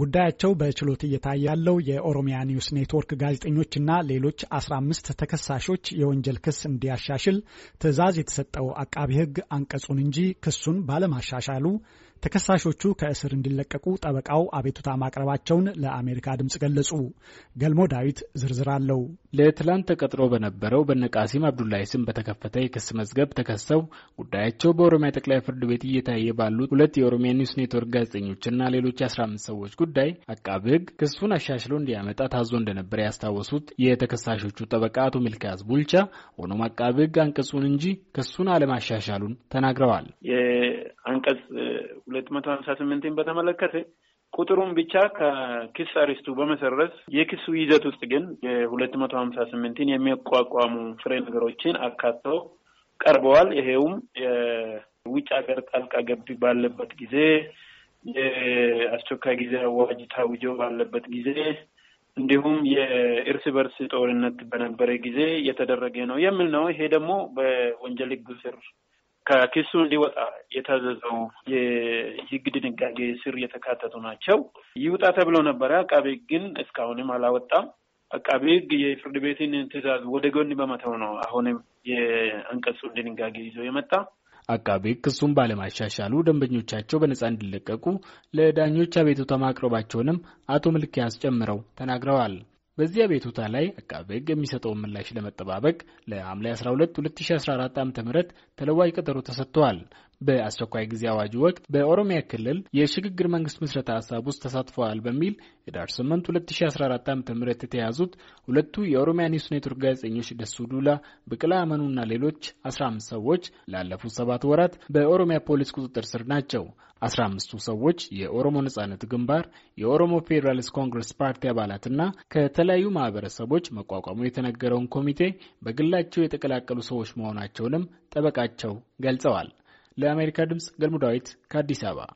ጉዳያቸው በችሎት እየታየ ያለው የኦሮሚያ ኒውስ ኔትወርክ ጋዜጠኞችና ሌሎች 15 ተከሳሾች የወንጀል ክስ እንዲያሻሽል ትዕዛዝ የተሰጠው አቃቢ ሕግ አንቀጹን እንጂ ክሱን ባለማሻሻሉ ተከሳሾቹ ከእስር እንዲለቀቁ ጠበቃው አቤቱታ ማቅረባቸውን ለአሜሪካ ድምፅ ገለጹ። ገልሞ ዳዊት ዝርዝር አለው። ለትላንት ተቀጥሮ በነበረው በነቃሲም አብዱላይ ስም በተከፈተ የክስ መዝገብ ተከሰው ጉዳያቸው በኦሮሚያ ጠቅላይ ፍርድ ቤት እየታየ ባሉት ሁለት የኦሮሚያ ኒውስ ኔትወርክ ጋዜጠኞችና ሌሎች 15 ሰዎች ጉዳይ አቃቢ ሕግ ክሱን አሻሽሎ እንዲያመጣ ታዞ እንደነበረ ያስታወሱት የተከሳሾቹ ጠበቃ አቶ ሚልኪያስ ቡልቻ፣ ሆኖም አቃቢ ሕግ አንቀጹን እንጂ ክሱን አለማሻሻሉን ተናግረዋል። የአንቀጽ ሁለት መቶ ሀምሳ ስምንትን በተመለከተ ቁጥሩን ብቻ ከክስ አሪስቱ በመሰረዝ የክሱ ይዘት ውስጥ ግን የሁለት መቶ ሀምሳ ስምንትን የሚያቋቋሙ ፍሬ ነገሮችን አካተው ቀርበዋል። ይሄውም የውጭ ሀገር ጣልቃ ገብ ባለበት ጊዜ የአስቸኳይ ጊዜ አዋጅ ታውጆ ባለበት ጊዜ እንዲሁም የእርስ በርስ ጦርነት በነበረ ጊዜ የተደረገ ነው የሚል ነው። ይሄ ደግሞ በወንጀል ሕግ ስር ከክሱ እንዲወጣ የታዘዘው የሕግ ድንጋጌ ስር የተካተቱ ናቸው። ይውጣ ተብሎ ነበረ። አቃቤ ሕግ ግን እስካሁንም አላወጣም። አቃቤ ሕግ የፍርድ ቤትን ትዕዛዝ ወደ ጎን በመተው ነው አሁንም የአንቀጹን ድንጋጌ ይዞ የመጣ አቃቤ ክሱን ባለማሻሻሉ ደንበኞቻቸው በነጻ እንዲለቀቁ ለዳኞች አቤቱታ ማቅረባቸውንም አቶ ምልኪያስ ጨምረው ተናግረዋል። በዚያ ቤቱታ ላይ አቃቤ ሕግ የሚሰጠውን ምላሽ ለመጠባበቅ ለሐምሌ 12 2014 ዓ ም ተለዋጭ ቀጠሮ ተሰጥተዋል። በአስቸኳይ ጊዜ አዋጅ ወቅት በኦሮሚያ ክልል የሽግግር መንግስት ምስረታ ሀሳብ ውስጥ ተሳትፈዋል በሚል ህዳር 8 2014 ዓ ም የተያዙት ሁለቱ የኦሮሚያ ኒውስ ኔትወርክ ጋዜጠኞች ደሱ ዱላ፣ ብቅላ አመኑና ሌሎች 15 ሰዎች ላለፉት ሰባት ወራት በኦሮሚያ ፖሊስ ቁጥጥር ስር ናቸው። 15ቱ ሰዎች የኦሮሞ ነጻነት ግንባር፣ የኦሮሞ ፌዴራሊስት ኮንግረስ ፓርቲ አባላትና ከተ ከተለያዩ ማህበረሰቦች መቋቋሙ የተነገረውን ኮሚቴ በግላቸው የተቀላቀሉ ሰዎች መሆናቸውንም ጠበቃቸው ገልጸዋል። ለአሜሪካ ድምፅ ገልሙዳዊት ከአዲስ አበባ